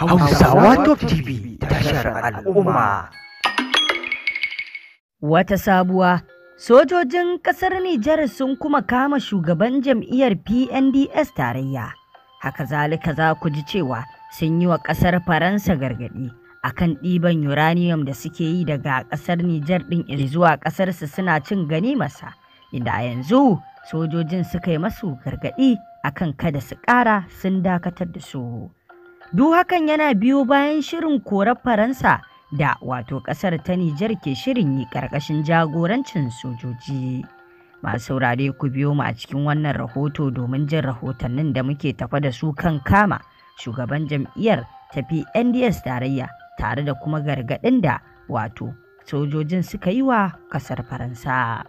Hausawa Top TV tashar al'umma. Wata sabuwa, sojojin ƙasar Nijar sun kuma kama shugaban jam'iyyar PNDS tarayya. Haka zalika za ku ji cewa sun yi wa ƙasar Faransa gargaɗi akan ɗiban uranium da suke yi daga ƙasar Nijar ɗin zuwa ƙasarsu suna cin gani masa, inda a yanzu sojojin suka yi masu gargaɗi akan kada su ƙara sun dakatar da su. Duk hakan yana biyo bayan shirin korar Faransa da wato ƙasar ta Nijar ke shirin yi ƙarƙashin jagorancin sojoji. Masu saurare ku biyo mu a cikin wannan rahoto domin jin rahotannin da muke tafa da su kan kama shugaban jam'iyyar tafi NDS tarayya tare da kuma gargaɗin da wato sojojin suka yi wa ƙasar Faransa.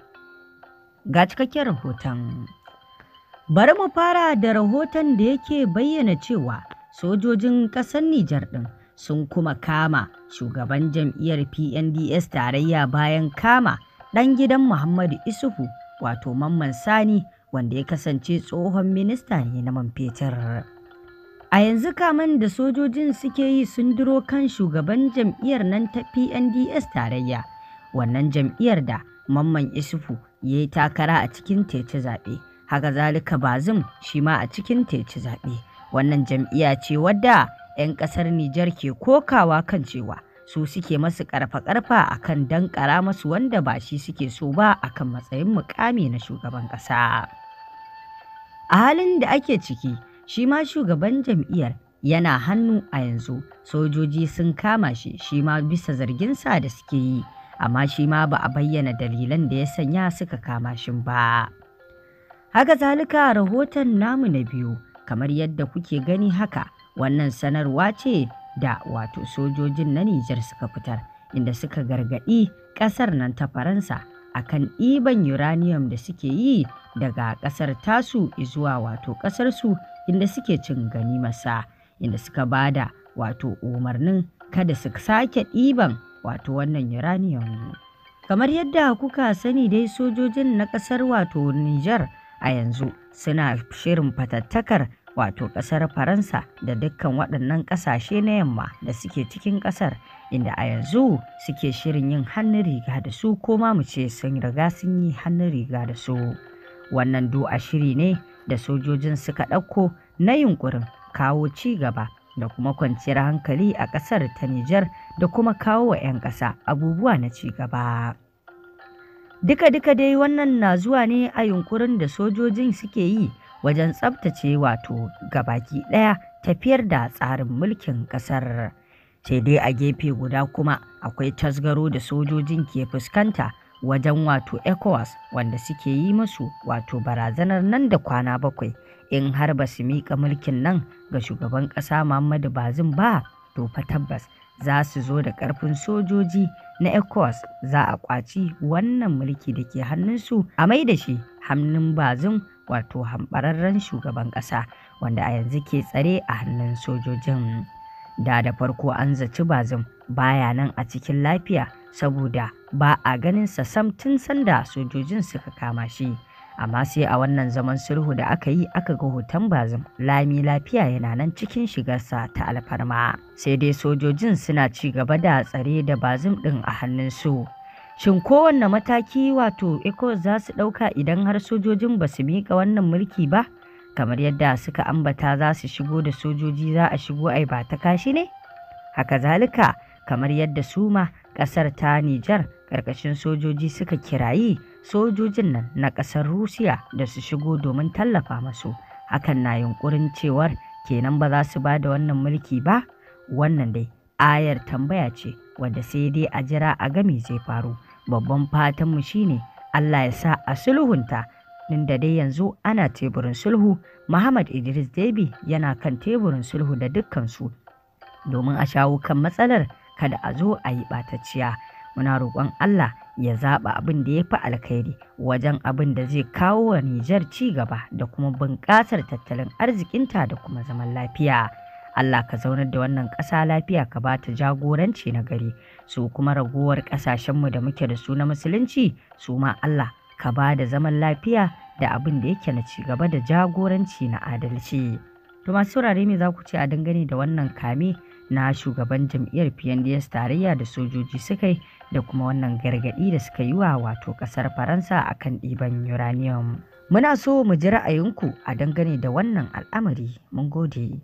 Ga cikakken rahoton. Bari mu fara da rahoton da yake bayyana cewa sojojin ƙasar Nijar ɗin sun kuma kama shugaban jam'iyyar PNDS tarayya bayan kama ɗan gidan Muhammadu Isufu wato Mamman Sani wanda ya kasance tsohon minista ne na man fetur. A yanzu kaman da sojojin suke yi sun duro kan shugaban jam'iyyar nan ta PNDS tarayya, wannan jam'iyyar da Mamman Isufu ya yi takara a cikin teci zaɓe, haka zalika Bazum shi ma a cikin teci zaɓe. Wannan jam'iyya ce wadda 'yan ƙasar Nijar ke kokawa kan cewa su suke masu ƙarfa karfa a kan dankara masu wanda ba shi suke so ba a kan matsayin mukami na shugaban ƙasa. A halin da ake ciki, shi ma shugaban jam'iyyar yana hannu a yanzu sojoji sun kama shi shi ma bisa zarginsa da suke yi amma shi ma ba a bayyana dalilan da ya sanya suka kama shi ba haka zalika rahoton namu na biyu kamar yadda kuke gani haka wannan sanarwa ce da wato sojojin na Nijar suka fitar inda suka gargaɗi ƙasar nan ta Faransa akan ɗiban uranium da suke yi daga ƙasar tasu zuwa wato ƙasarsu inda suke cin gani masa inda suka bada wato umarnin kada su sake ɗiban wato wannan uranium kamar yadda kuka sani dai sojojin na ƙasar wato Nijar a yanzu suna shirin fatattakar wato ƙasar Faransa da dukkan waɗannan ƙasashe na yamma da suke cikin ƙasar inda a yanzu suke shirin yin hannun riga da su ko ma mu ce sun riga sun yi hannun riga da su. Wannan do a shiri ne da sojojin suka ɗauko na yunkurin kawo ci gaba da kuma kwanciyar hankali a ƙasar ta Nijar da kuma kawo wa 'yan ƙasa abubuwa na ci gaba. Duka-duka dai wannan na zuwa ne a yunkurin da sojojin suke yi wajen tsabtace wato ga baki ɗaya tafiyar da tsarin mulkin ƙasar. Sai dai a gefe guda kuma akwai tasgaro da sojojin ke fuskanta wajen wato ECOWAS wanda suke yi masu wato barazanar nan da kwana bakwai in har ba su miƙa mulkin nan ga shugaban ƙasa Muhammadu bazin ba to fa tabbas za su zo da ƙarfin sojoji na ECOWAS za a ƙwaci wannan mulki da ke hannunsu a mai da shi hannun bazin. wato hambararren shugaban ƙasa wanda a yanzu ke tsare a hannun sojojin da da farko an zaci bazin baya nan a cikin lafiya saboda ba a ganin sa sam tun sanda sojojin suka kama shi amma sai a wannan zaman sulhu da aka yi aka ga hoton bazin lami lafiya yana nan cikin shigarsa ta alfarma sai dai sojojin suna ci gaba da tsare da bazin ɗin a hannun su Shin kowanne mataki wato ECOWAS za su ɗauka idan har sojojin ba su miƙa wannan mulki ba? Kamar yadda suka ambata za su shigo da sojoji za a shigo ai ba ta kashi ne? Haka zalika kamar yadda su ma ƙasar ta Nijar ƙarƙashin sojoji suka kirayi sojojin nan na ƙasar Rusiya da su shigo domin tallafa masu. Hakan na yunƙurin cewar kenan ba za su ba da wannan mulki ba? Wannan dai Ayar tambaya ce wanda sai dai a jira a ga zai faru. Babban fatanmu shine Allah ya sa a sulhunta. Nan da dai yanzu ana teburin sulhu, Muhammad Idris Debi yana kan teburin sulhu da dukkansu domin a shawo kan matsalar kada a zo a yi ɓatacciya. Muna roƙon Allah ya zaɓa abin da ya fi alkhairi wajen abin da zai kawo wa Nijar ci gaba da kuma bunƙasar tattalin arzikinta da kuma zaman lafiya. Allah ka zaunar da wannan ƙasa lafiya ka ba ta jagoranci na gari su kuma ragowar ƙasashenmu da muke da su na musulunci su ma Allah ka ba da zaman lafiya da abin da yake na cigaba da jagoranci na adalci. To masu saurare me za ku ce a dangane da wannan kame na shugaban jam'iyyar PNDS tarayya da sojoji suka yi da kuma wannan gargaɗi da suka yi wa wato ƙasar Faransa akan ɗiban uranium. Muna so mu ji ra'ayinku a dangane da wannan al'amari. Mun gode.